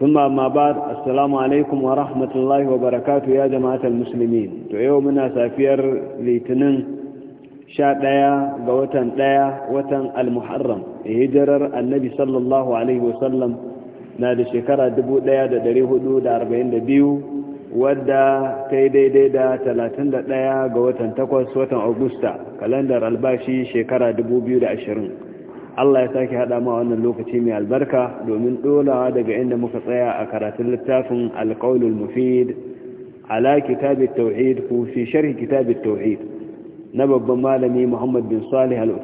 ثم ما بعد السلام عليكم ورحمة الله وبركاته يا جماعة المسلمين تيومنا سافير لتنين شاء دايا قوتن دايا وتن المحرم هجرر النبي صلى الله عليه وسلم نادي شكرا دبو دايا دا دريه دو دا أربعين دا بيو ودا تيدي دي دا تلاتين دا دايا قوتن تقوس وتن أغسطا كالندر الباشي شكرا دبو بيو دا عشرين Allah ya sake haɗa ma wannan lokaci mai albarka domin ɗolawa daga inda muka tsaya a karatun littafin alƙaunul mufid ala kitabit tauhid ko fi sharhi kitabit tauhid na babban malami Muhammad bin Salih al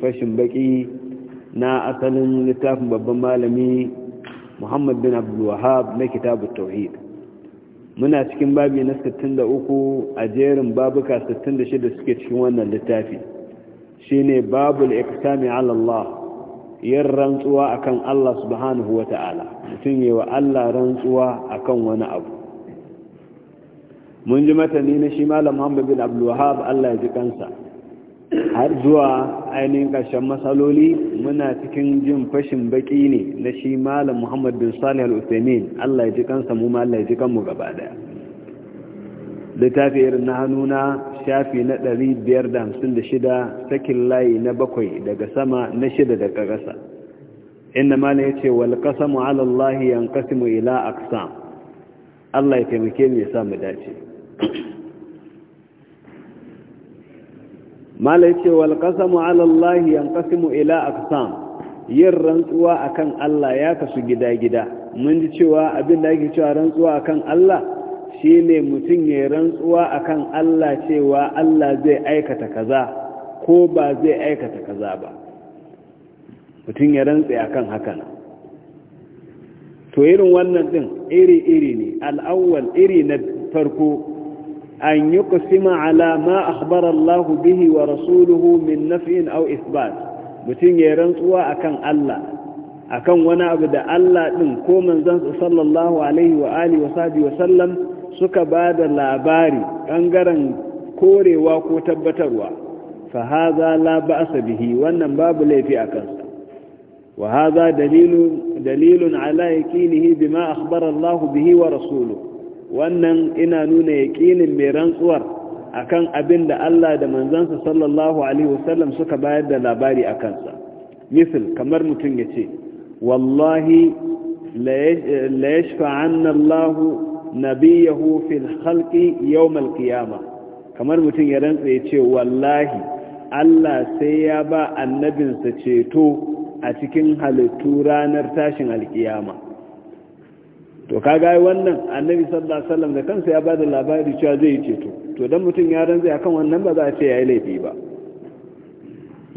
fashin baƙi na asalin littafin babban malami Muhammad bin Abdul na kitabut tauhid muna cikin babi na 63 a jerin babuka 66 suke cikin wannan littafi shine babul iqsami ala Allah yin rantsuwa akan Allah subhanahu wa ta'ala mutum yi wa Allah rantsuwa akan wani abu mun ji matani na shi malam Muhammad bin Abdul Wahhab Allah ya ji kansa har zuwa ainihin ƙarshen matsaloli muna cikin jin fashin baki ne na shi malam Muhammad bin Salih al-Uthaymeen Allah ya ji kansa mu ma Allah ya ji kanmu gaba daya littafi irin na hannuna shafi na 556 sakin layi na bakwai daga sama na shida daga ƙasa inna mala ya ce wal qasamu yan Allah mu ila aqsam Allah ya taimake mu ya sa mu dace mala ya ce wal qasamu yan Allah mu ila aqsam yin rantsuwa akan Allah ya kasu gida-gida mun ji cewa abin da ake cewa rantsuwa akan Allah Shi ne mutum ya rantsuwa akan Allah cewa Allah zai aikata kaza ko ba zai aikata kaza ba mutum ya rantsa akan hakan to irin wannan din iri-iri ne al'awwal iri na farko an yi kusima ala ma akhbar Allah bihi wa rasuluhu min naf'in aw isbat mutum ya rantsuwa akan Allah akan wani abu da Allah din ko manzon sallallahu alaihi wa alihi wa sahbihi wa sallam suka ba da labari ɓangaren korewa ko tabbatarwa fa haza la ba'sa bihi wannan babu laifi a kansa wa haza dalilun dalilun ala yaqinihi bima akhbara Allah bihi wa rasulu? wannan ina nuna kinin mai rantsuwar akan abin da Allah da manzansa sallallahu alaihi wasallam suka bayar da labari a kansa misal kamar mutum yace wallahi la yashfa'anna Allahu nabiyahu fil khalqi yawmal qiyama kamar mutum ya rantsa yace wallahi Allah sai ya ba annabinsa ceto a cikin halittu ranar tashin alkiyama to kaga wannan annabi sallallahu alaihi wasallam da kansa ya ba da labari cewa zai ceto to dan mutum ya rantsa akan wannan ba za a ce yayi laifi ba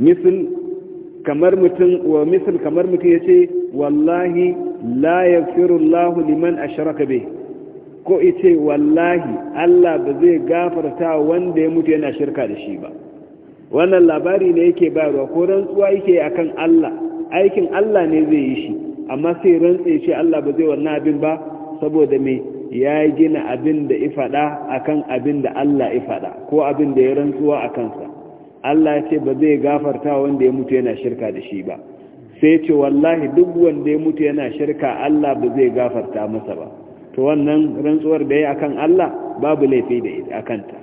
misal kamar mutum wa misal kamar mutum yace wallahi la yaghfirullahu liman ashraka bihi ko ice wallahi Allah ba zai gafarta wanda ya mutu yana shirka da shi ba wannan labari ne yake bayarwa ko rantsuwa yake akan Allah aikin Allah ne zai yi shi amma sai rantsa ce Allah ba zai wannan abin ba saboda me ya gina abin da faɗa akan abin da Allah faɗa? ko abin da ya rantsuwa a kansa? Allah ya ce ba zai gafarta wanda ya mutu yana shirka da shi ba sai ce wallahi duk wanda ya mutu yana shirka Allah ba zai gafarta masa ba to wannan rantsuwar da ya akan Allah babu laifi da a kanta.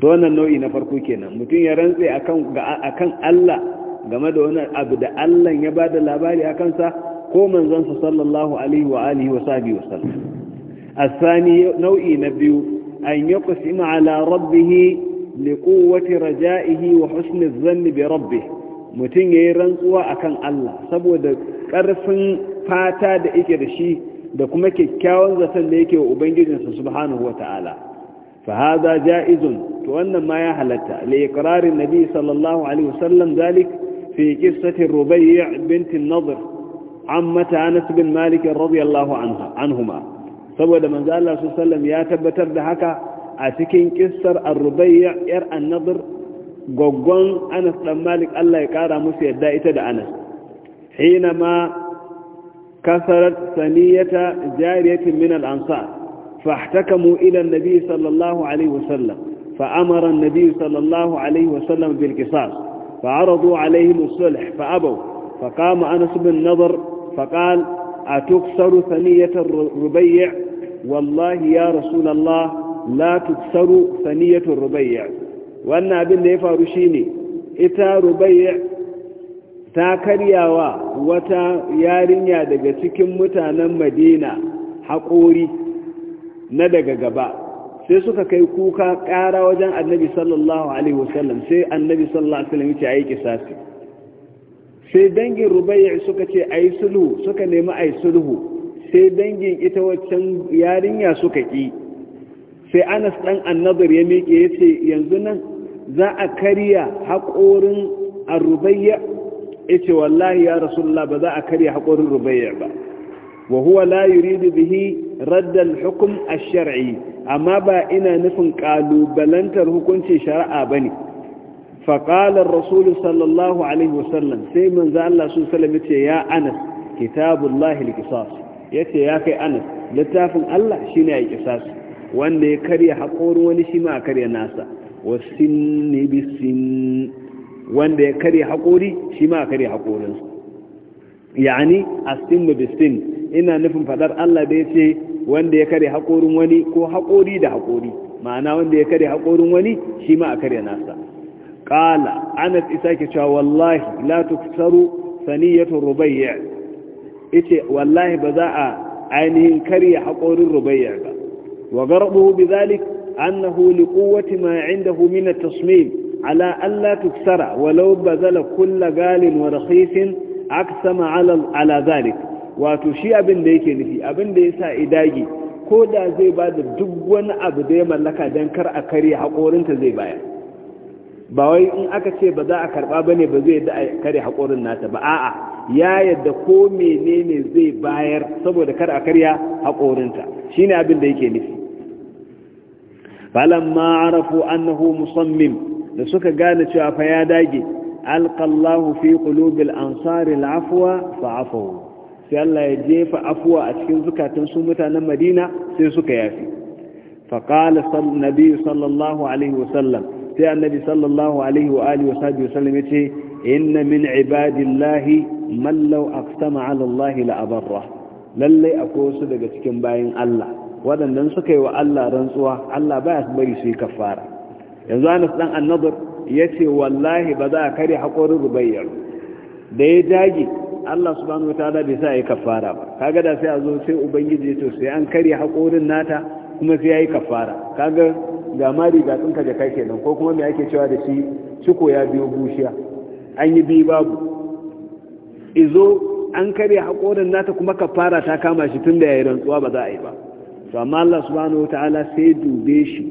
to wannan nau'i na farko kenan mutum ya rantse akan akan Allah game da wani abu da Allah ya bada labari akan sa ko manzon sa sallallahu alaihi wa alihi wa sahbihi wa sallam asani nau'i na biyu an yaqsimu ala rabbih quwwati raja'ihi wa husni dhanni bi rabbih mutum yayi rantsuwa akan Allah saboda karfin fata da yake da shi da kuma kyakkyawan zaton da yake wa ubangijinsa subhanahu wa ta'ala hadha ja'izun to wannan ma ya halatta li iqrarin nabi sallallahu alaihi wasallam zalik fi qissati rubai' bint an-nadhr ammata anas bin malikin radiyallahu anhuma saboda manzo Allah sallallahu ya tabbatar da haka a cikin kissar ar-rubai' yar an-nadhr goggon anas dan malik Allah ya kara musu yadda ita da anas hina ma kasarar saniyata jariyatin min al'ansar fahtakamu ila nabi sallallahu alaihi wasallam فأمر النبي صلى الله عليه وسلم بالقصاص فعرضوا عليهم الصلح فأبوا فقام أنس بن نضر فقال أتكسر ثنية الربيع والله يا رسول الله لا تكسر ثنية الربيع وأن أبن ليفا رشيني إتا ربيع ta karyawa wata yarinya daga cikin mutanen madina haƙori na daga gaba sai suka kai kuka ƙara wajen annabi sallallahu alaihi wasallam sai annabi sallallahu alaihi wasallam ya yi kisasi sai dangin rubai suka ce a yi sulhu suka nemi a yi sulhu sai dangin ita waccan yarinya suka ƙi sai anas ɗan annabar ya miƙe ya ce yanzu nan za a karya haƙorin arubayya yace wallahi ya rasulullah ba za a karya haƙorin rubayya ba wa huwa la yuridu bihi radda al ash-shar'i amma ba ina nufin kalubalantar hukuncin shari'a bane fa qala ar-rasul sallallahu alaihi wasallam sai manzo Allah su sallama yace ya Anas kitabullahi al-qisas yace ya kai Anas littafin Allah shine ya qisas wanda ya karya haƙorin wani shi ma karya nasa wasinni bisin wanda ya kare haƙori shi ma kare haƙorinsu yani astin mubistin ina nufin fadar Allah da ya ce wanda ya kare haƙorin wani ko haƙori da haƙori ma'ana wanda ya kare haƙorin wani shi ma a kare nasa ƙala anas isa ke cewa wallahi la tuksaru saniyatun rubayya ita wallahi ba za a ainihin karya haƙorin rubayya ba wa garbuhu bi zalik annahu liquwwati ma indahu min at-tasmim على ألا تكسر ولو بذل كل قال ورخيص أقسم على, على ذلك وتشي أبن ديك نفي أبن ديسا إداجي كودا زي بعد دبوان أبو ديما لك دنكر أكري حقورن تزي بايا ba wai in aka ce ba za a karba bane ba zai da kare haƙorin nata ba a'a ya yadda ko menene zai bayar saboda kar a karya haƙorinta shine abin da yake nufi falamma arafu annahu musammim da suka gane cewa fa ya dage alqallahu fi ƙulubil ansari al'afwa fa afu sai Allah ya jefa afuwa a cikin zukatan su mutanen Madina sai suka yafi fa qala nabi sallallahu alaihi wasallam sai annabi sallallahu alaihi wa alihi wa sallam ce inna min ibadillahi man law ala Allah la abarra lalle akwai wasu daga cikin bayin Allah waɗannan suka yi wa Allah rantsuwa Allah baya bari su yi kafara yanzu anas dan annabur ya ce wallahi ba za a kare haƙorin rubayyar da ya dage allah subhanahu wataala bai sa ya kafara ba kaga da sai a zo sai ubangiji ce sai an kare haƙorin nata kuma sai ya yi kafara kaga ga mari ga tsinka da kake nan, ko kuma me ake cewa da shi ciko ya biyo bushiya an yi biyu babu izo an karya haƙorin nata kuma kafara ta kama shi tun da ya yi rantsuwa ba za a yi ba to amma Allah subhanahu wata'ala sai dube shi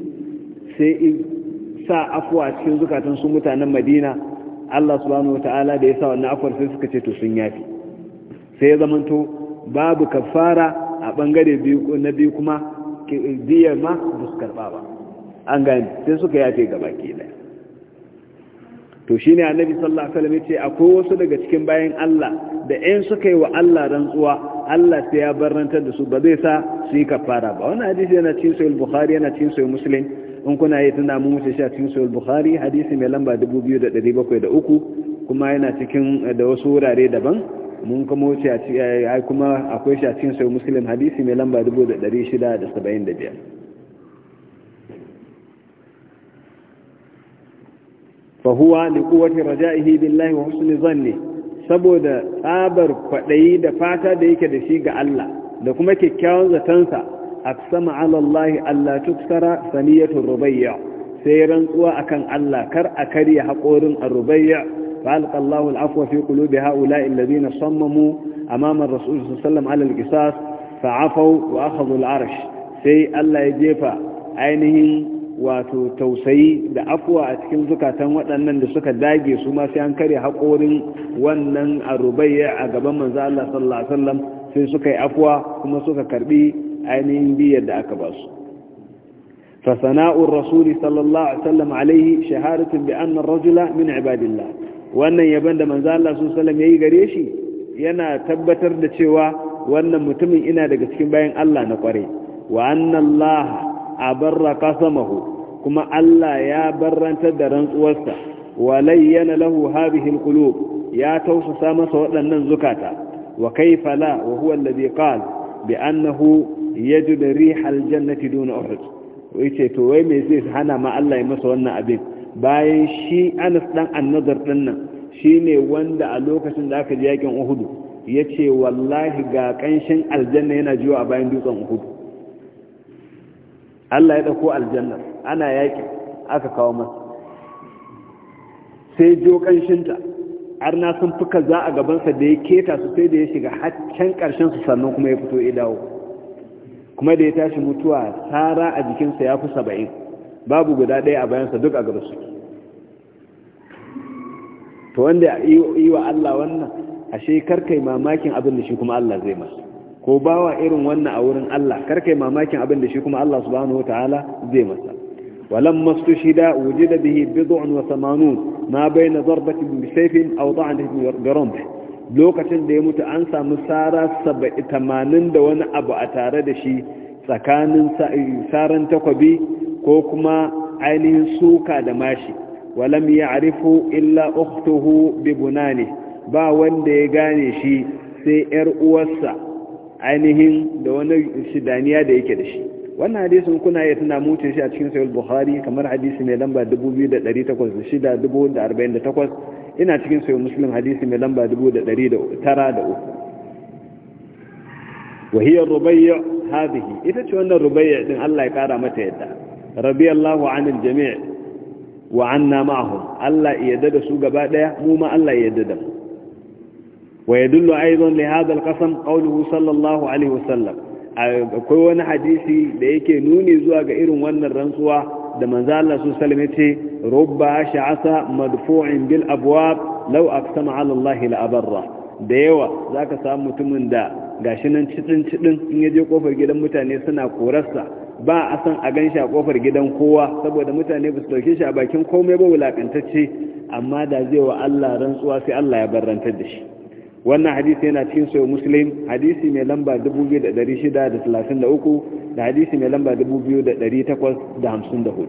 sai sa afuwa cikin zukatan su mutanen madina allah subhanahu wa ta'ala da ya sa wannan afuwar sai suka ce to sun yafi sai ya zamanto babu kafara a bangare na biyu kuma biyar ma ba su karba ba an gani sai suka yafe gaba ke daya to shi ne annabi sallallahu alaihi wasallam ce akwai wasu daga cikin bayan Allah da ɗayan suka yi wa Allah rantsuwa Allah sai ya barantar da su ba zai sa su yi kafara ba wannan hadisi yana cikin sahih bukhari yana cikin sahih muslim in kuna yi tuna mun wuce shi a cikin sahih bukhari hadisi mai lamba dubu biyu da da bakwai uku kuma yana cikin eh, da wasu wurare daban mun kuma wuce a eh, kuma akwai shi a cikin sahih muslim hadisi mai lamba dubu da da da shida saba'in 6675 fa huwa li quwwati raja'ihi billahi wa husni dhanni saboda tsabar kwaɗayi da fata da yake da shi ga Allah da kuma kyakkyawan zatansa aqsama ala Allah tuksara saniyatun rubayya sai rantsuwa akan Allah kar a karya haƙorin ar-rubayya fa alqa fi qulubi ha'ula'i alladhina sammamu amama ar-rasul sallallahu alaihi wasallam fa'afu wa akhadhu al-arsh sai Allah ya jefa ainihin wato tausayi da afuwa a cikin zukatan waɗannan da suka dage su ma sai an karya haƙorin wannan arubayya a gaban manzo Allah sallallahu alaihi wasallam sai suka yi afuwa kuma suka karbi ainihin biyar da aka ba su rasuli الرسول صلى الله عليه وسلم عليه شهادة بأن الرجل من عباد الله وأن يبند من ذا الله صلى الله عليه yana tabbatar da cewa wannan mutumin ina daga cikin bayan Allah na kware wa annallaha abarra qasamahu kuma Allah ya barrantar da rantsuwarsa wa layyana lahu hadhihi alqulub ya tausasa masa waɗannan zukata wa kayfa la wa huwa alladhi qala bi annahu yajid rihal jannati duna uhud yace to wai me zai hana ma Allah ya masa wannan abin bayan shi Anas dan annadar din nan shine wanda a lokacin da aka je yakin Uhud yace wallahi ga kanshin aljanna yana jiwa a bayan dutsen Uhud Allah ya dauko aljanna ana yaki aka kawo masa sai jo ta har na sun fuka za a gaban sa da ya keta su sai da ya shiga can karshen su sannan kuma ya fito ya dawo kuma da ya tashi mutuwa tsara a jikinsa ya fi saba'in babu guda ɗaya a bayansa duk a gabasu to wanda yi wa Allah wannan ashe karkai mamakin abin da shi kuma Allah zai masa ko bawa irin wannan a wurin Allah karkai mamakin abin da shi kuma Allah subhanahu ta'ala zai masa ولما استشهد وجد به بضع وثمانون ما a ضربة بسيف أو ضعن برمح lokacin da ya mutu an samu tsara tamanin da wani abu a tare da shi tsakanin eh, tsaran takwabi ko kuma ainihin suka da mashi walam ya arifu illa uktuhu bunani ba wanda ya gane shi sai yar uwarsa ainihin da wani shidaniya da yake da shi wannan hadisin kuna iya tuna mutu shi a cikin sayar buhari kamar hadisi mai lamba 2846 ina cikin sayo muslim hadisi mai lamba wa wahiyar rubayya hadhihi ita ce wannan rubayya din Allah ya kara mata yadda radiyallahu anil jami' wa anna ma'ahum Allah ya yadda da su gaba daya mu ma Allah ya yadda da mu wa yadullu aidan li hadha alqasam qawluhu sallallahu alaihi wasallam akwai wani hadisi da yake nuni zuwa ga irin wannan rantsuwa da manzo Allah su sallame ce rubba sha'asa madfu'in bil abwab law aqsama 'ala Allah la abarra da yawa zaka samu mutumin da gashi nan cidin cidin in yaje kofar gidan mutane suna korarsa ba a san a ganshi a kofar gidan kowa saboda mutane ba su dauke shi a bakin komai ba wulakantacce amma da zai wa Allah rantsuwa sai Allah ya barrantar da shi wannan hadisi yana cikin sahih muslim hadisi mai lamba 2633 da hadisi mai lamba 2854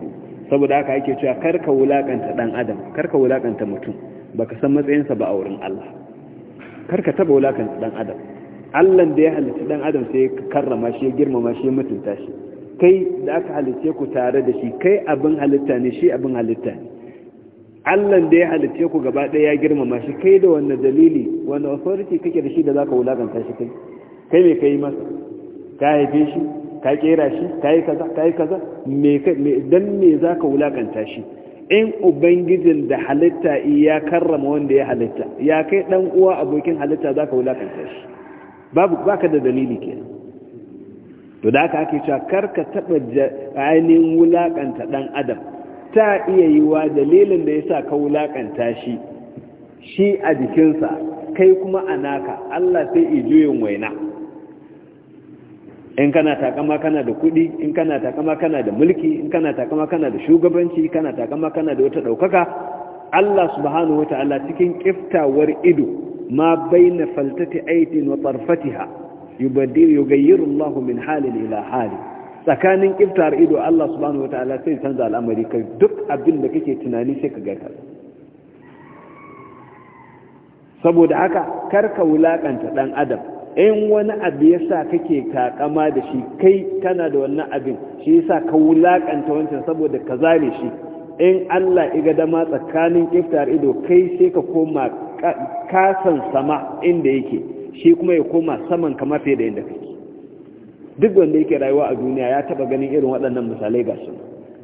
saboda haka ake cewa karka wulakanta dan adam karka wulakanta mutum baka san matsayinsa ba a wurin Allah karka taba wulakanta dan adam Allah da ya halitta dan adam sai ya karrama shi ya girmama shi ya mutunta shi kai da aka halitta ku tare da shi kai abin halitta ne shi abin halitta ne Allah da ya halitta ku gaba ɗaya ya girmama shi kai da wannan dalili wannan authority kake da shi da zaka wulakanta shi kai kai me kai masa ka haife shi ka kera shi ka yi kaza ka yi kaza don me za ka wulakanta shi in ubangijin da halitta ya karrama wanda ya halitta ya kai dan uwa abokin halitta za ka wulakanta shi babu baka da dalili kenan to da aka ake cewa karka taɓa ainihin wulakanta dan adam ta iya yi wa dalilin da ya sa ka wulakanta shi shi a jikinsa kai kuma a naka allah sai ijuyin waina in kana takama kana da kuɗi in kana takama kana da mulki in kana takama kana da shugabanci kana takama kana da wata ɗaukaka Allah subhanahu wata'ala cikin kiftawar ido ma bayna faltati aitin wa tarfatiha yubaddir yughayyiru Allah min halin ila hali tsakanin kiftawar ido Allah subhanahu wata'ala sai canza al'amari kai duk abin da kake tunani sai ka gaka saboda haka karka wulakanta dan adam in wani abu ya sa kake kakama da shi kai kana da wannan abin shi yasa ka wulakanta wancan saboda ka zare shi in Allah iga dama tsakanin iftar ido kai sai ka koma kasan sama inda yake shi kuma ya koma saman kama fiye da inda kake duk wanda yake rayuwa a duniya ya taba ganin irin waɗannan misalai ga su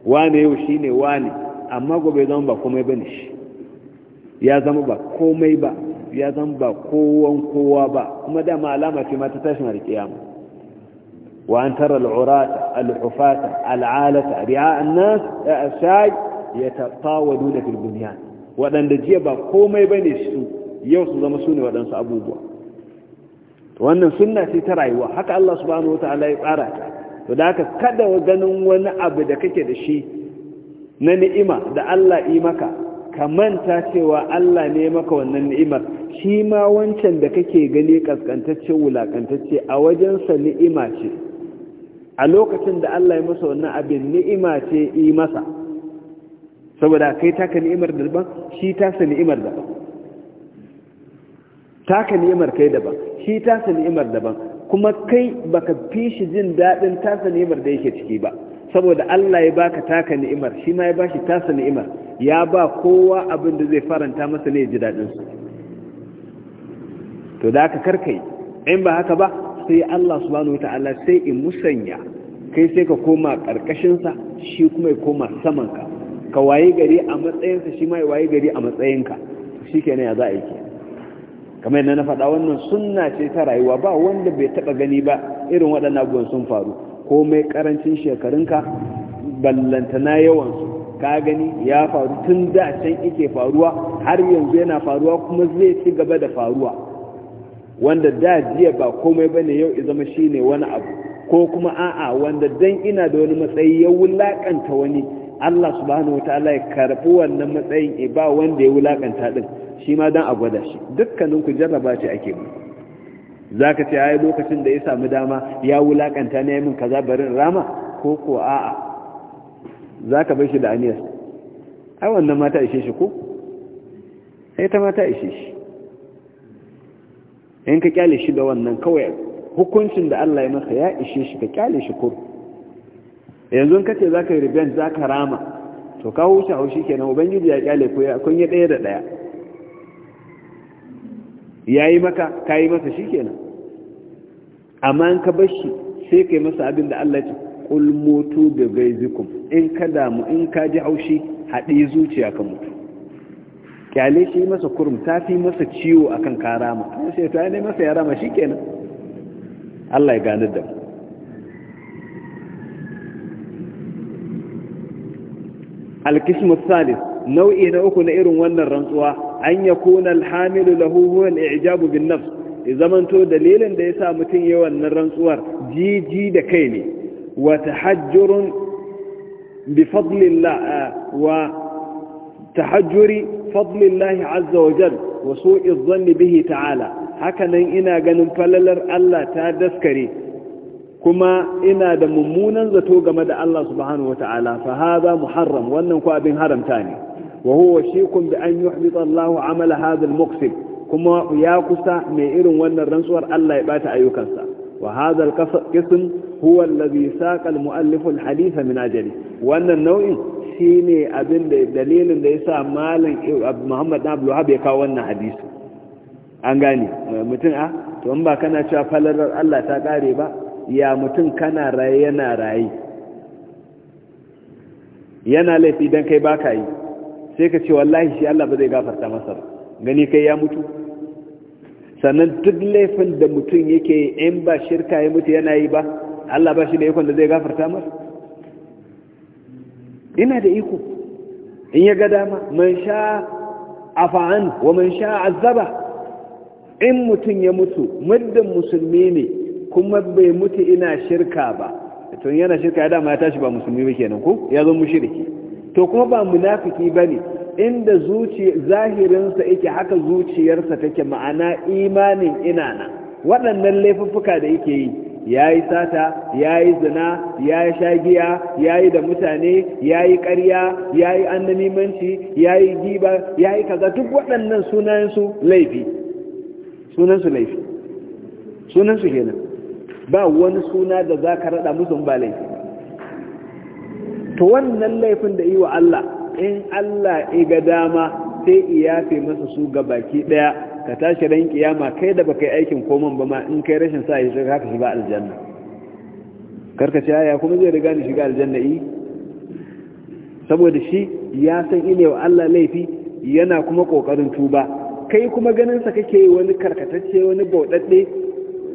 wane yau shi ne wane amma gobe zama ba komai ne shi ya zama ba komai ba ya zan ba kowan kowa ba kuma dama alama ce ma ta tashin alkiyama wa an tara al'urata al'ufata al'alata ri'a annas ya yatafawaduna fil bunyan wadanda jiya ba komai bane su yau su zama sune waɗansu abubuwa to wannan sunna ce ta rayuwa haka Allah subhanahu wataala ya tsara ta to da haka kada ganin wani abu da kake da shi na ni'ima da Allah yi maka ka manta cewa Allah ne maka wannan ni'imar shi ma wancan da kake gani kaskantacce wulakantacce a wajensa ni'ima ce a lokacin da Allah ya masa wannan abin ni'ima ce yi masa saboda kai taka ni'imar daban shi tasa ni'imar daban taka ni'imar kai daban shi tasa ni'imar daban kuma kai baka fi shi jin daɗin tasa ni'imar da yake ciki ba saboda Allah ya baka taka ni'imar shi ma ya bashi tasa ni'imar ya ba kowa abin da zai faranta masa ne ji daɗinsu to da aka karkai in ba haka ba sai Allah subhanahu ta'ala sai in musanya kai sai ka koma karkashinsa shi kuma ya koma samanka ka waye gari a matsayinsa shi ma ya waye gari a matsayin ka shi ke ya za a yi ke kamar yadda na faɗa wannan sunna ce ta rayuwa ba wanda bai taba gani ba irin waɗannan abubuwan sun faru komai ƙarancin shekarunka ballantana yawansu ka gani ya faru tun da can ike faruwa har yanzu yana faruwa kuma zai ci gaba da faruwa wanda da jiya ba komai bane yau ya zama shine wani abu ko kuma a'a wanda dan ina da wani matsayi ya wulakanta wani Allah subhanahu wataala ya karbi wannan matsayin e ba wanda ya wulakanta din shi ma dan a gwada shi dukkanin ku jarraba shi ake mu zaka ce ai lokacin da ya samu dama ya wulakanta ne min kaza barin rama ko ko a'a zaka bar shi da aniyar ai wannan mata ishe shi ko ai ta mata ishe shi in ka kyale shi da wannan kawai hukuncin da Allah ya masa ya ishe shi ka kyale shi kur yanzu ka ce za yi revenge za rama to ka huce haushi kenan ubangiji ya kyale ku kun yi ɗaya da ɗaya ya maka ka yi masa shi kenan amma in ka bar shi sai kai masa abin da Allah ya ce kul mutu bi gaizikum in ka damu in ka ji haushi haɗi zuciya ka mutu kyale shi masa kurum ta fi masa ciwo akan karama an sai ta ne masa yara ma kenan Allah ya gane da alkismu salis nau'i na uku na irin wannan rantsuwa an yakuna alhamilu lahu huwa al-i'jabu bin nafs zamanto dalilin da yasa mutum yayin wannan rantsuwar jiji da kai ne wa tahajjurun eh, wa tahajjuri fadlillahi azza wa jal wa su'i dhanni bihi ta'ala hakanan ina ganin falalar Allah ta daskare kuma ina da mummunan zato game da Allah subhanahu wa ta'ala muharram wannan ko abin haramta ne wa huwa shikun bi an yuhbita Allah amala hadha al kuma ya kusa mai irin wannan rantsuwar Allah ya bata ayyukansa wa hadha al huwa alladhi saqa al-mu'allif al-hadith wannan nau'in shi ne abin da dalilin da ya sa malin muhammad na abu ya kawo wannan hadisi an gane eh, mutum a ah, to ba kana cewa falalar allah ta kare ba ya mutum kana raye yana raye yana laifi don kai baka yi sai ka ce wallahi shi allah ba zai gafarta masa gani kai ya mutu sannan duk laifin da mutum yake in ba shirka ya mutu yana yi ba allah ba shi da yakon da zai gafarta masa ina da iko in ya ga dama man sha afa'an wa man sha azaba in mutum ya mutu muddin musulmi ne kuma bai mutu ina shirka ba to yana shirka ya dama ya tashi ba musulmi ba kenan ko ya zo mushriki to kuma ba munafiki bane inda zuci zahirinsa yake haka zuciyarsa take ma'ana imanin ina na waɗannan laifuffuka da yake yi ya yi sata ya yi zina ya yi shagiya ya yi da mutane ya yi ƙarya ya yi annamimanci ya yi giba ya yi kaza duk waɗannan sunayensu laifi sunansu laifi sunansu nan ba wani suna da za ka raɗa musu ba laifi to wannan laifin da yi wa Allah in Allah iga dama sai iya fi masa su ga baki ɗaya ka tashi ran kiyama kai da baka yi aikin koman ba ma in kai rashin sa yi sai ka shiga aljanna karka ce ya kuma zai riga ni shiga aljanna yi eh? saboda shi ya san ile wa Allah laifi yana kuma kokarin tuba kai kuma ganin sa kake wani karkatacce wani baudadde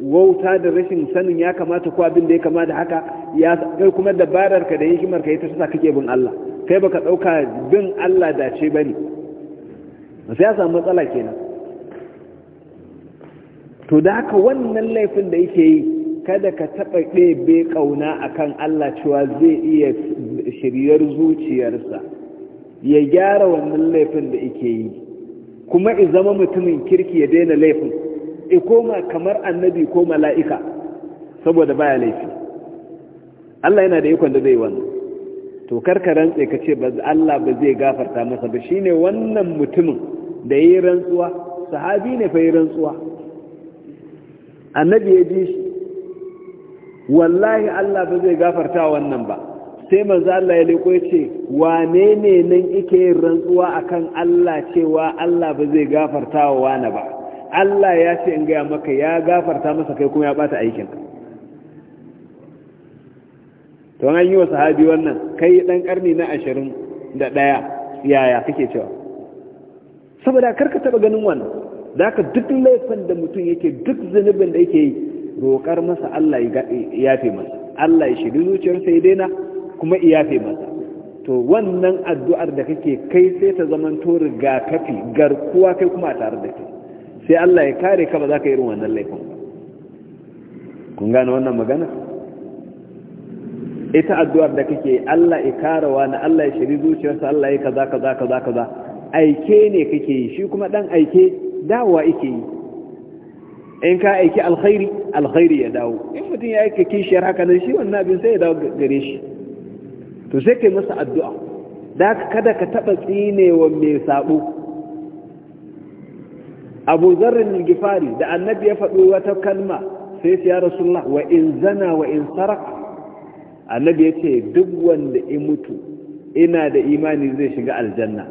wauta da rashin sanin ya kamata ko abin da ya kamata haka ya kai kuma dabarar ka da hikimar ka ita ta kake bin Allah kai baka dauka bin Allah dace bane sai ya samu matsala kenan to da haka wannan laifin da yake yi kada ka taɓa ɗebe ƙauna a kan Allah cewa zai iya shiryar zuciyarsa ya gyara wannan laifin da yake yi kuma i zama mutumin kirki ya daina laifin i koma kamar annabi ko mala'ika saboda baya laifi Allah yana da ikon da zai wannan to karka rantse ka ce Allah ba zai gafarta masa ba shine wannan mutumin da ya yi rantsuwa sahabi ne fa yi rantsuwa annabi ya ji wallahi Allah ba zai gafarta wannan ba sai manzo Allah ya leko ce wane ne nan yake yin rantsuwa akan Allah cewa Allah ba zai gafarta wa wani ba Allah ya ce in gaya maka ya gafarta masa kai kuma ya bata aikin to an yi wa sahabi wannan kai dan karni na 21 yaya kake cewa saboda karka taba ganin wannan da haka duk laifin da mutum yake duk zunubin da yake yi roƙar masa Allah ya yafe masa Allah ya shiri zuciyarsa ya daina kuma ya yafe masa to wannan addu'ar da kake kai sai ta zaman to kafi garkuwa kai kuma a tare da kai sai Allah ya kare ka ba za ka irin wannan laifin kun gane wannan magana ita addu'ar da kake Allah ya kare wani Allah ya shiri zuciyarsa Allah ya kaza kaza kaza kaza aike ne kake yi shi kuma dan aike dawowa yake yi in ka aiki alkhairi alkhairi ya dawo in mutum ya aika kishiyar haka nan shi wannan abin sai ya dawo gare shi to sai kai masa addu'a da kada ka taba tsinewa mai sabo abu zarrin gifari da annabi ya faɗo wata kalma sai ya rasulullah wa in zana wa in saraka annabi ya ce duk wanda ya mutu ina da imani zai shiga aljanna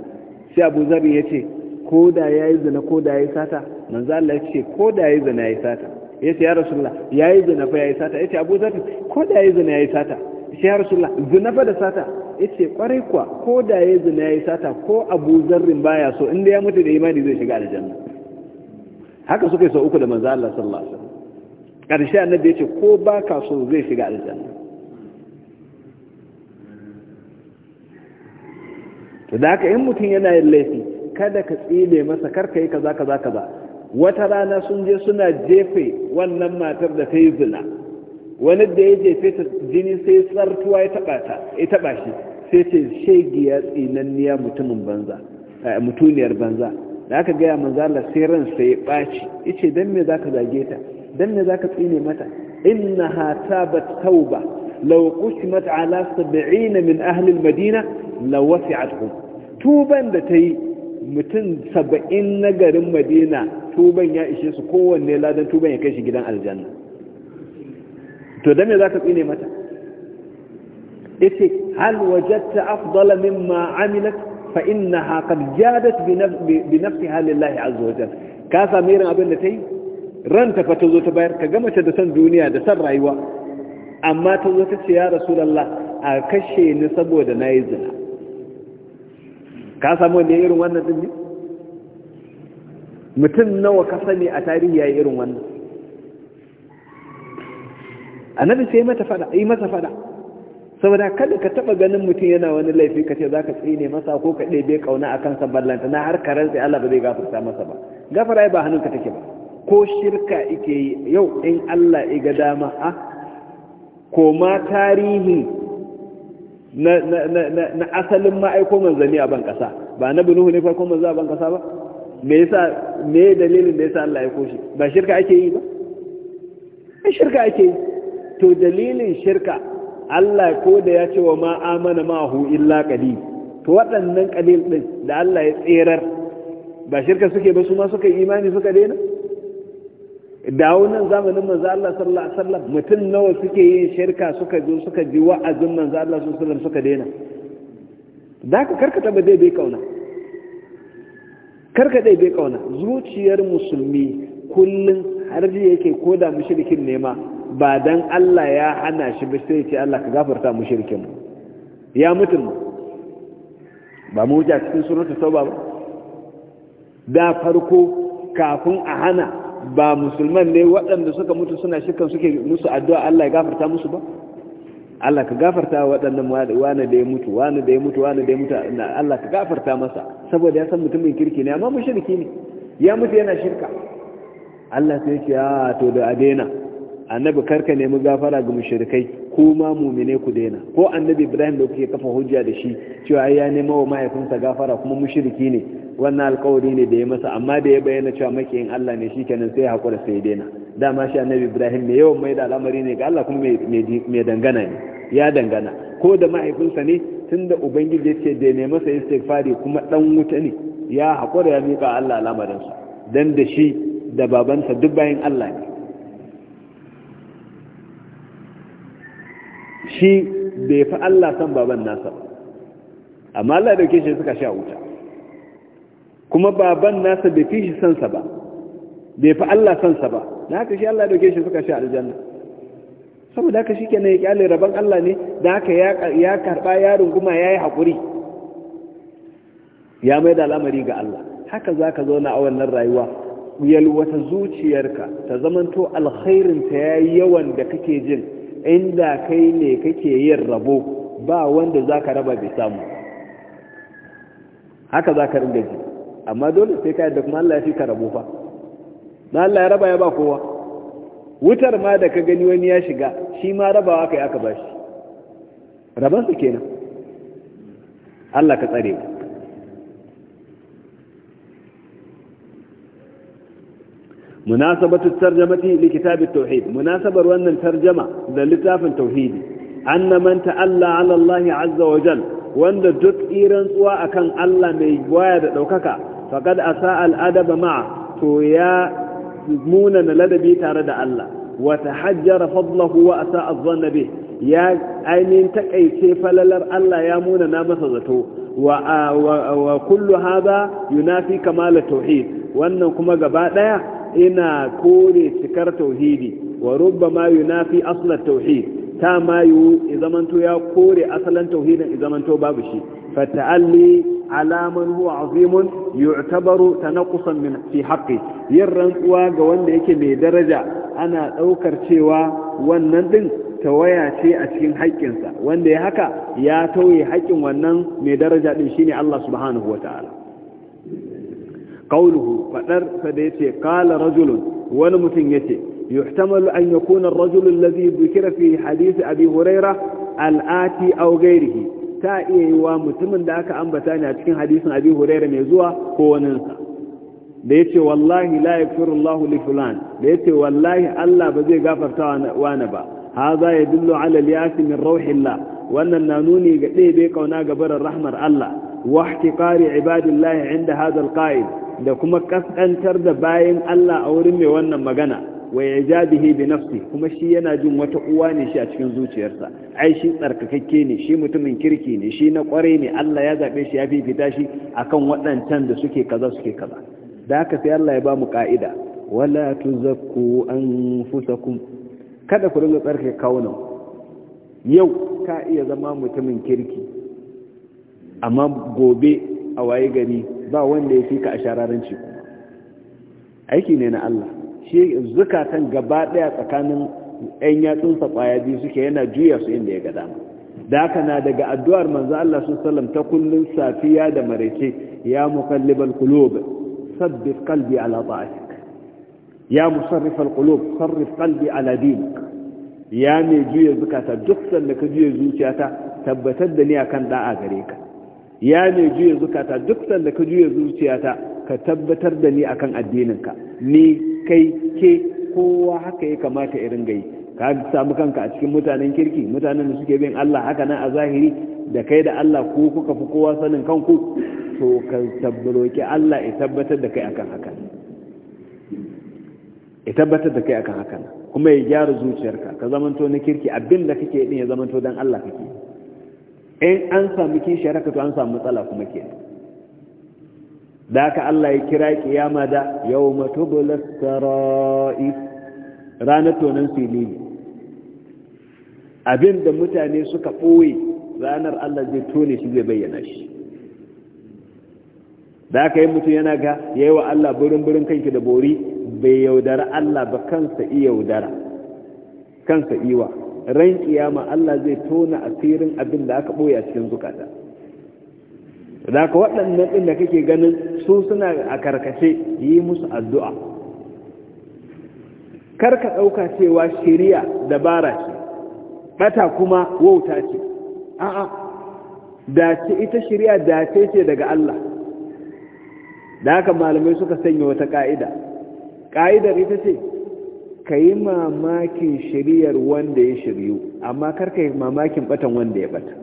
sai abu zarri ya ce ko da ya yi zina ko da ya yi sata za Allah ya ce ko da ya yi zina ya yi sata ya ce ya rasulullah ya yi zina fa ya yi sata ya ce abu zafi ko da ya yi zina ya yi sata ya ce ya rasulullah zina fa da sata ya ce kwarai kuwa ko da ya yi zina ya yi sata ko abu zarrin baya so inda ya mutu da imani zai shiga aljanna haka suka yi sau uku da manzo Allah sallallahu alaihi wasallam karshe annabi ya ce ko ba ka so zai shiga aljanna to da haka in mutum yana yin laifi kada ka tsine masa karka yi kaza kaza kaza wata rana sun je suna jefe wannan matar da ta yi zina wani da ya jefe ta jini sai tsartuwa ya taba shi sai ce shegiya tsinanniya mutumin banza eh, mutuniyar banza da aka gaya manzala sai ran sai ya ɓaci ice dan me za ka zage ta Dan me za ka tsine mata inna ha tabat tauba law qusimat ala 70 min ahli al-madina lawasi'atuhum tuban da ta yi mutum saba'in na garin madina tuban ya ishe su kowanne ladan tuban ya kai shi gidan aljanna to dame za ka tsine mata ita hal wajatta afdala mimma amilat fa innaha qad jadat bi nafsiha lillahi azza wa jalla ka sami irin abin da ta ranta fa ta ta bayar ka gama ta da san duniya da san rayuwa amma ta zo ta ce ya rasulullah a kashe ni saboda nayi zina ka samu wanda irin wannan din ne mutum nawa ka sani a tarihi ya yi irin wannan annabi sai mata fada yi masa fada saboda kada ka taba ganin mutum yana wani laifi ka ce za ka tsine masa ko ka ɗebe kauna a kansa ballanta na har ka rantse Allah ba zai gafarta masa ba gafara ba hannunka take ba ko shirka ike yau in Allah ya dama a ah, koma tarihi na asalin ma'aiko manzanni a ban kasa ba na nuhu ne farkon manzanni a ban kasa ba me yasa me dalilin da yasa Allah ya koshi ba shirka ake yi ba shirka ake yi to dalilin shirka Allah ko da ya ce wa ma amana ma hu illa qalil to waɗannan qalil din da Allah ya tserar ba shirka suke ba su ma suka imani suka daina Da wannan zamanin manzo Allah sallallahu alaihi wasallam mutum nawa suke yin shirka suka zo suka ji wa'azin manzo Allah sallallahu alaihi wasallam suka daina zaka karkata ba dai bai kauna karka dai bai kauna zuciyar musulmi kullun har yake koda mushrikin ne ma ba dan Allah ya hana shi ba sai ce Allah ka gafarta mushrikin ya mutum ba mu wuce cikin suratul tauba ba da farko kafin a hana ba musulman ne waɗanda suka mutu suna shirkan suke musu addu'a Allah ya gafarta musu ba Allah ka gafarta waɗanda wani da ya mutu wani da ya mutu wani da ya mutu Allah ka gafarta masa saboda ya san mutumin kirki ne amma shirki ne ya mutu yana shirka Allah sai ce ya ah, to da adena annabi karka nemi gafara ga mushirikai. ko ma mumine ku daina ko annabi ibrahim da kuke kafa hujja da shi cewa ai ya nema wa mahaifinsa gafara kuma mushiriki ne wannan alkawari ne da ya masa amma da ya bayyana cewa makiyin Allah ne kenan sai ya hakura sai ya daina dama shi annabi ibrahim mai yawan mai da al'amari ne ga Allah kuma mai dangana ne ya dangana ko da mahaifinsa ne tun da ubangiji ya ce da ya ne masa istighfari kuma dan wuta ne ya hakura ya miƙa Allah sa dan da shi da babansa duk bayan Allah ne shi bai fi Allah san baban nasa ba amma Allah dauke shi suka sha wuta kuma baban nasa bai fi shi sansa ba bai fi Allah sansa ba da haka shi Allah dauke shi suka sha aljanna saboda haka shi kenan ya kyale rabon Allah ne da haka ya karba yaron kuma ya yi haƙuri ya mai da al'amari ga Allah haka za ka zauna a wannan rayuwa yalwata zuciyarka ta zamanto alkhairinta ya yi yawan da kake jin inda kai ne kake yin rabo ba wanda za ka raba bai samu haka za ka ringa ji amma dole sai ka yadda kuma Allah ya fi ka rabo fa na Allah ya raba ya ba kowa wutar ma da ka gani wani ya shiga shi ma rabawa kai aka ba shi rabansa kenan Allah ka tsare mu مناسبة الترجمة لكتاب التوحيد مناسبة وأن الترجمة للتاف التوحيد أن من تألى على الله عز وجل وأن دك إيران سواء كان ألا ميجواد لوكك فقد أساء الأدب معه تويا مونا لدبي تارد الله وتحجر فضله وأساء الظن به يا أين تكأي فللر ألا يا مونا نامسزته وكل هذا ينافي كمال التوحيد وأنه كما قبات ina kore cikar tauhidi wa ma yunafi aslat tauhid ta mayu izamanto ya kore asalan tauhidin izamanto babu shi fata'alli ala man huwa azimun yu'tabaru tanqusan min fi haqqi yin rantsuwa ga wanda yake mai daraja ana daukar cewa wannan din tawaya ce a cikin haƙƙinsa wanda ya haka ya tauye haƙƙin wannan mai daraja din shine Allah subhanahu wataala qawluhu fadar sa da yace qala rajulun wani mutum yace yuhtamalu an yakuna ar-rajul alladhi dhukira fi hadith abi hurayra al-ati ta iya yi wa mutumin da aka ambata ne a cikin hadisin abi hurayra mai zuwa ko da yace wallahi la yakfiru Allahu fulan da yace wallahi Allah ba zai gafarta wana ba haza ya ala al-yasi min ruhi Allah wannan na nuni ga dai bai kauna ga barar rahmar Allah wa ihtiqari ibadillahi inda hadha al da kuma kaskantar da bayan Allah a wurin mai wannan magana wa yajabihi bi nafsi kuma shi yana jin wata uwa ne shi a cikin zuciyarsa ai shi tsarkakakke ne shi mutumin kirki ne shi na kware ne Allah ya zabe shi ya fifita shi akan waɗancan da suke kaza suke kaza da haka sai Allah ya ba mu ka'ida wala tuzakku anfusakum kada ku ringa tsarkake kawunan yau ka iya zama mutumin kirki amma gobe a waye gari ba wanda ya fika a shararanci aiki ne na Allah shi zukatan gaba daya tsakanin ɗan yatsunsa kwaya biyu suke yana juya su inda ya ga dama da haka na daga addu'ar manzo Allah su ta kullun safiya da maraice ya muqallibal qulub sabbit qalbi ala ta'atik ya musarrifal qulub sarrif qalbi ala dinik ya mai juya zukata duk sanda ka juya zuciyata tabbatar da ni akan da'a gare ka ya mai juya zukata duk sanda ka juya zuciyata ka tabbatar da ni akan addininka ni kai ke kowa haka ya kamata irin gai ka samu kanka a cikin mutanen kirki mutanen da suke bin Allah haka nan a zahiri da kai da Allah ku kuka fi kowa sanin kanku to ka tabbaroki Allah ya tabbatar da kai akan haka ya tabbatar da kai akan haka kuma ya gyara zuciyarka ka zamanto na kirki abin da kake din ya zamanto dan Allah kake in an sami kishi haka to an samu matsala kuma ke da aka Allah ya kira kiyama da yau matubular sara'i ranar tonon fili abin da mutane suka ɓoye ranar Allah zai tone shi zai bayyana shi da aka yi mutum yana ga ya yi wa Allah burin-burin kanki da bori bai yaudara Allah ba kansa iya yaudara kansa iwa ran kiyama Allah zai tona asirin abin da aka boye cikin zukata da ka waɗannan ɗin da kake ganin su suna a karkace yi musu addu'a karka ɗauka cewa shari'a dabara ce ɓata kuma wauta ce a'a dace ita shari'a dace ce daga Allah da haka malamai suka sanya wata ƙa'ida ƙa'idar ita ce ka yi mamakin shiriyar wanda ya shiryu amma karka yi mamakin batan wanda ya bata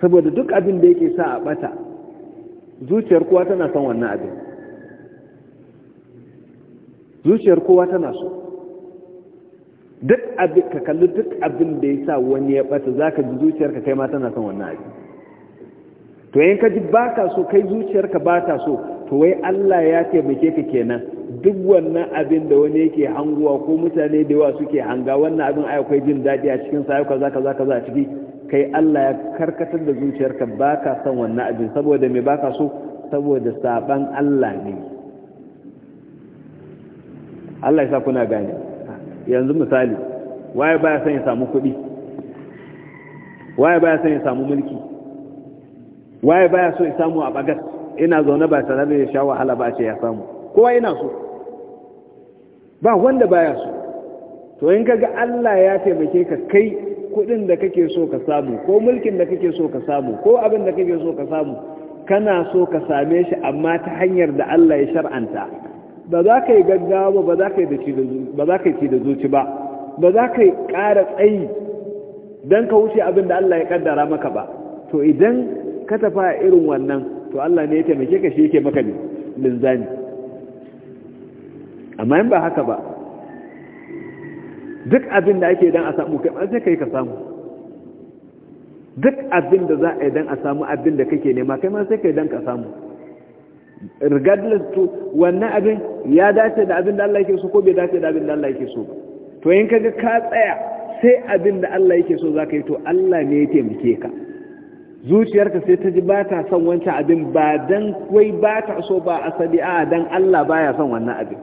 saboda duk abin da yake sa a bata zuciyar kowa tana son wannan abin zuciyar kowa tana so duk abin ka kalli duk abin da ya sa wani ya bata za ka ji zuciyar ka kai ma tana son wannan abin to yin ka ji ba ka so kai zuciyar ka ba ta so to wai Allah ya taimake ka kenan duk wannan abin da wani yake hanguwa ko mutane da yawa suke hanga wannan abin ai akwai jin daɗi a cikin sa kaza zaka zaka za ciki kai Allah ya karkatar da zuciyarka baka son wannan abin saboda me baka so saboda saban Allah ne Allah ya sa kuna gane yanzu misali waye baya son ya samu kuɗi waye baya son ya samu mulki waye baya so ya samu a bagas ina zaune ba tare da ya sha wahala ba ce ya samu kowa ina so ba wanda baya so to in ga Allah ya taimake ka kai kudin da kake so ka samu ko mulkin da kake so ka samu ko abin da kake so ka samu kana so ka same shi amma ta hanyar da Allah ya shar'anta ba za ka yi gaggawa ba za ka yi ci da zuci ba ba za ka yi ƙara tsayi don ka wuce abin da Allah ya kaddara maka ba to idan ka tafa irin wannan to Allah ne ya taimake ka shi yake maka ne linzami amma in ba haka ba duk abin da ake dan a samu kai ba sai kai ka samu duk abin da za a yi dan a samu abin da kake nema kai ma sai kai dan ka samu regardless to wannan abin ya dace da abin da Allah yake so ko bai dace da abin da Allah yake so ba to in kaga ka tsaya sai abin da Allah yake so zaka yi to Allah ne ya taimake ka zuciyarka sai ta ji ba ta son wancan abin ba dan wai ba ta so ba asali a dan Allah ba ya son wannan abin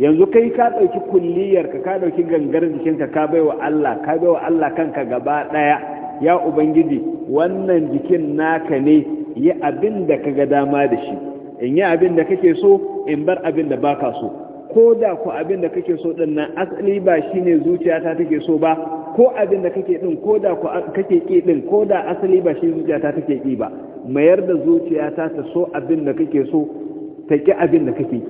yanzu kai ka ɗauki kulliyarka ka ɗauki gangar jikinka ka baiwa Allah ka baiwa Allah kanka gaba ɗaya ya ubangiji wannan jikin naka ne yi abin da ka ga dama da shi in yi abin da kake so in bar abin da baka so ko da ku abin da kake so din nan asali ba shine zuciyata take so ba ko abin da kake din ko da ku kake ki din ko da asali ba shi zuciyata take ki ba mayar da zuciyata ta so abin da kake so ta ki abin da kake ki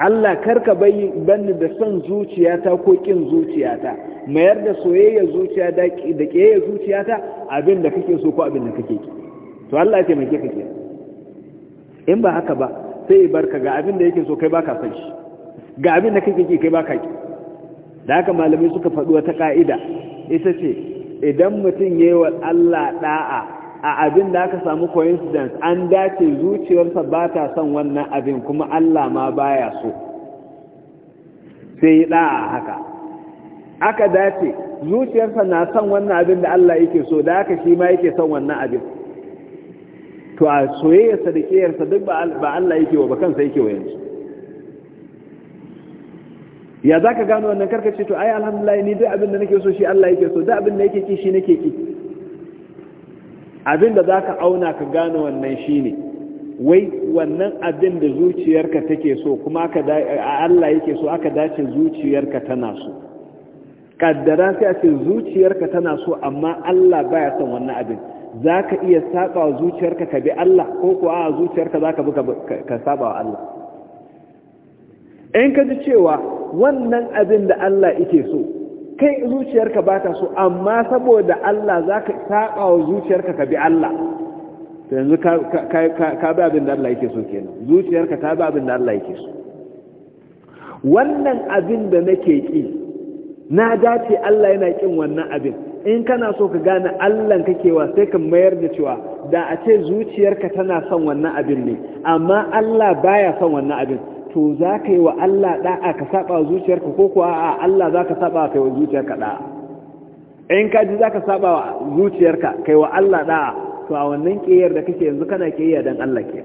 Allah karka bai banni da son zuciyata ko kin zuciyata mayar da soyayya zuciya da da kiyaye zuciyata abin da kake so ko abin da kake ki to Allah ya taimake ka ke in ba haka ba sai barka ga abin da yake so kai baka san shi ga abin da kake ki kai baka ki da haka malamai suka faɗi wata ka'ida ita ce idan mutum yayi wa Allah da'a a abin da aka samu coincidence an dace zuciyarsa ba ta son wannan abin kuma Allah ma baya so sai yi ɗa'a haka aka dace zuciyarsa na son wannan abin da Allah yake so da haka shi ma yake son wannan abin to a soyayyarsa da kiyarsa duk ba Allah yake wa ba kansa yake wa yanzu ya za ka gano wannan karka ce to ai alhamdulillah ni duk abin da nake so shi Allah yake so duk abin da yake ki shi nake ki abin da za ka auna ka gano wannan shi ne wai wannan abin da zuciyarka take so kuma Allah yake so aka dace zuciyarka tana so kaddara sai a ce zuciyarka tana so amma Allah baya son wannan abin za ka iya saba wa zuciyarka ka bi Allah ko kuwa a zuciyarka za ka bi ka saba wa Allah in ka ji cewa wannan abin da Allah yake so kai zuciyarka ba ta so amma saboda Allah za ka saɓa wa zuciyarka ka bi Allah to yanzu ka bi abin da Allah yake so kenan zuciyarka ta bi abin da Allah yake so wannan abin da nake ƙi na dace Allah yana kin wannan abin in kana so ka gane Allahn wa sai ka mayar da cewa da a ce zuciyarka tana son wannan abin ne amma Allah baya son wannan abin to za ka yi wa Allah ɗa’a ka saba wa zuciyarka ko kuwa a Allah za ka saba ka yi wa zuciyarka da'a in ka ji za ka saba wa zuciyarka ka yi wa Allah ɗa’a to a wannan ƙeyar da kake yanzu kana ƙiyar don Allah ke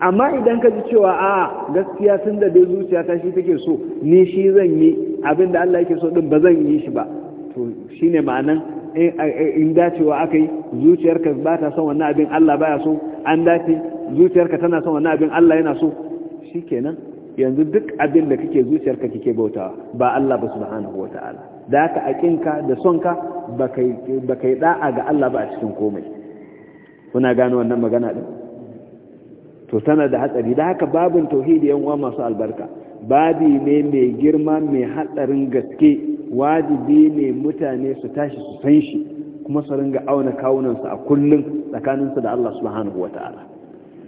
amma idan ka ji cewa a gaskiya tun da dai ta shi take so ni shi zan yi abin da Allah yake so din ba zan yi shi ba to shine ma'anan in dacewa aka yi zuciyarka ba ta son wannan abin Allah baya so an dace zuciyarka tana son wani abin Allah yana so shi kenan yanzu duk abin da kake zuciyarka kike bautawa ba Allah ba subhanahu ta'ala da haka akinka da sonka ba kai da'a ga Allah ba a cikin komai kuna gano wannan magana din to tana da hatsari da haka babin tauhidi yan uwa masu albarka babi ne mai girma mai hatsarin gaske wajibi ne mutane su tashi su san shi kuma su ringa auna kawunansu a kullum tsakaninsu da Allah subhanahu wataala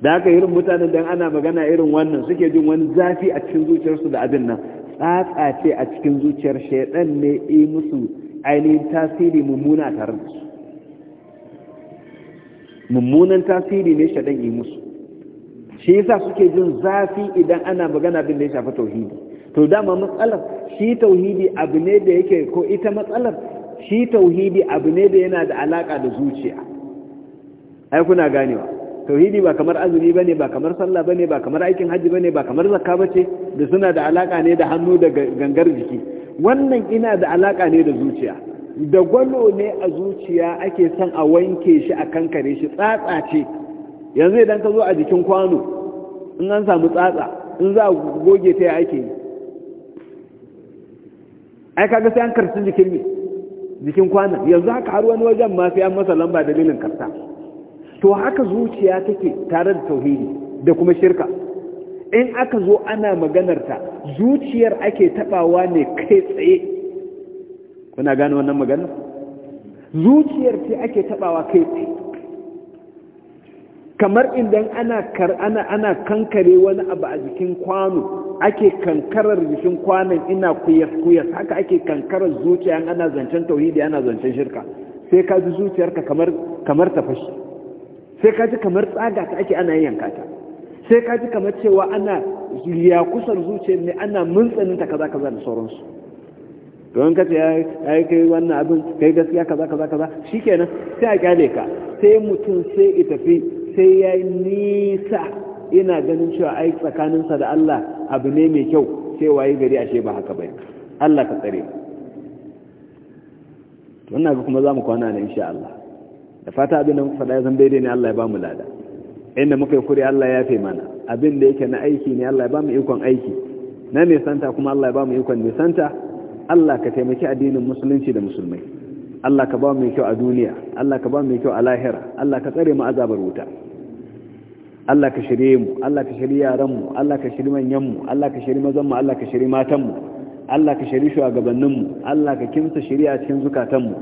da aka irin mutanen dan ana magana irin wannan suke jin wani zafi a cikin zuciyarsu da abin nan tsatsa ce a cikin zuciyar shaidan ne yi musu ainihin tasiri mummuna tare da su mummunan tasiri ne shaidan yi musu shi yasa suke jin zafi idan ana magana abin da ya shafi tauhidi to dama matsalar shi tauhidi abu ne da yake ko ita matsalar shi tauhidi abu ne da yana da alaka da zuciya ai kuna ganewa tauhidi ba kamar azumi bane ba kamar sallah bane ba kamar aikin haji bane ba kamar zakka bace da suna da alaka ne da hannu da gangar jiki wannan ina da alaka ne da zuciya da gwalo ne a zuciya ake son a wanke shi a kankare shi tsatsa ce yanzu idan ka zo a jikin kwano in an samu tsatsa in za a goge ta ya ake yi ai kaga sai an karsu jikin ne jikin kwanan yanzu haka har wani wajen ma sai an masa lamba dalilin karta to haka zuciya take tare da tauhidi da kuma shirka in aka zo ana maganarta zuciyar ake tabawa ne kai tsaye kuna gane wannan maganar zuciyar ce ake tabawa kai tsaye kamar idan ana ana ana kankare wani abu a jikin kwano ake kankarar jikin kwanon ina kuyas kuyas haka ake kankarar zuciya ana zancen tauhidi ana zancen shirka sai ka ji zuciyarka kamar kamar tafashi sai ka ji kamar tsaga ta ake ana yanka ta sai ka ji kamar cewa ana ya kusan zuciyar ne ana mintsanin ta kaza kaza da sauransu don ka ce ya yi kai wannan abin kai gaskiya kaza kaza kaza shi kenan sai a kyale ka sai mutum sai ya tafi sai ya yi nisa ina ganin cewa ai tsakaninsa da Allah abu ne mai kyau sai waye gari ashe ba haka bai Allah ka tsare wannan abu kuma za mu kwana ne insha Allah da fata abin da muka faɗa ya zan daidai ne Allah ya ba mu lada inda muka yi kuri Allah ya fi mana abin da yake na aiki ne Allah ya ba mu ikon aiki na nisanta kuma Allah ya ba mu ikon nisanta Allah ka taimaki addinin musulunci da musulmai Allah ka ba mu kyau a duniya Allah ka ba mu kyau a lahira Allah ka tsare mu azabar wuta Allah ka shirye mu Allah ka shirye yaran mu Allah ka shirye manyan mu Allah ka shirye mazan mu Allah ka shirye matan mu Allah ka shirye shugabannin mu Allah ka kimsa shari'a cikin zukatan mu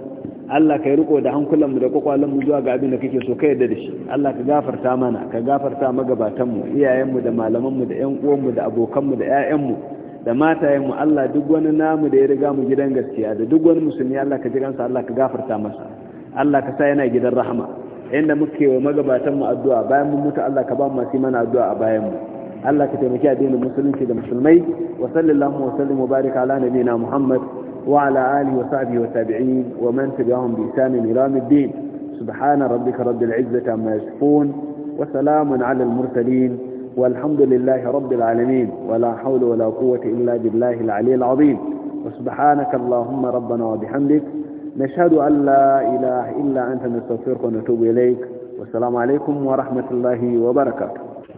Allah ka yi riko da hankulanmu da kwakwalanmu zuwa ga abin da kake so ka yadda da shi Allah ka gafarta mana ka gafarta magabatanmu iyayenmu da malamanmu da yan uwanmu da abokanmu da ƴaƴanmu da matayenmu Allah duk wani namu da ya riga mu gidan gaskiya da duk wani musulmi Allah ka ji kansa Allah ka gafarta masa Allah ka sa yana gidan rahama inda muke wa magabatanmu addu'a bayan mun mutu Allah ka ba mu masu mana addu'a a bayan mu Allah ka taimaki addinin musulunci da musulmai wa sallallahu wa sallam wa barika ala nabiyina Muhammad وعلى آله وصحبه والتابعين ومن تبعهم بإسان إلام الدين سبحان ربك رب العزة عما يصفون وسلام على المرسلين والحمد لله رب العالمين ولا حول ولا قوة إلا بالله العلي العظيم وسبحانك اللهم ربنا وبحمدك نشهد أن لا إله إلا أنت نستغفرك ونتوب إليك والسلام عليكم ورحمة الله وبركاته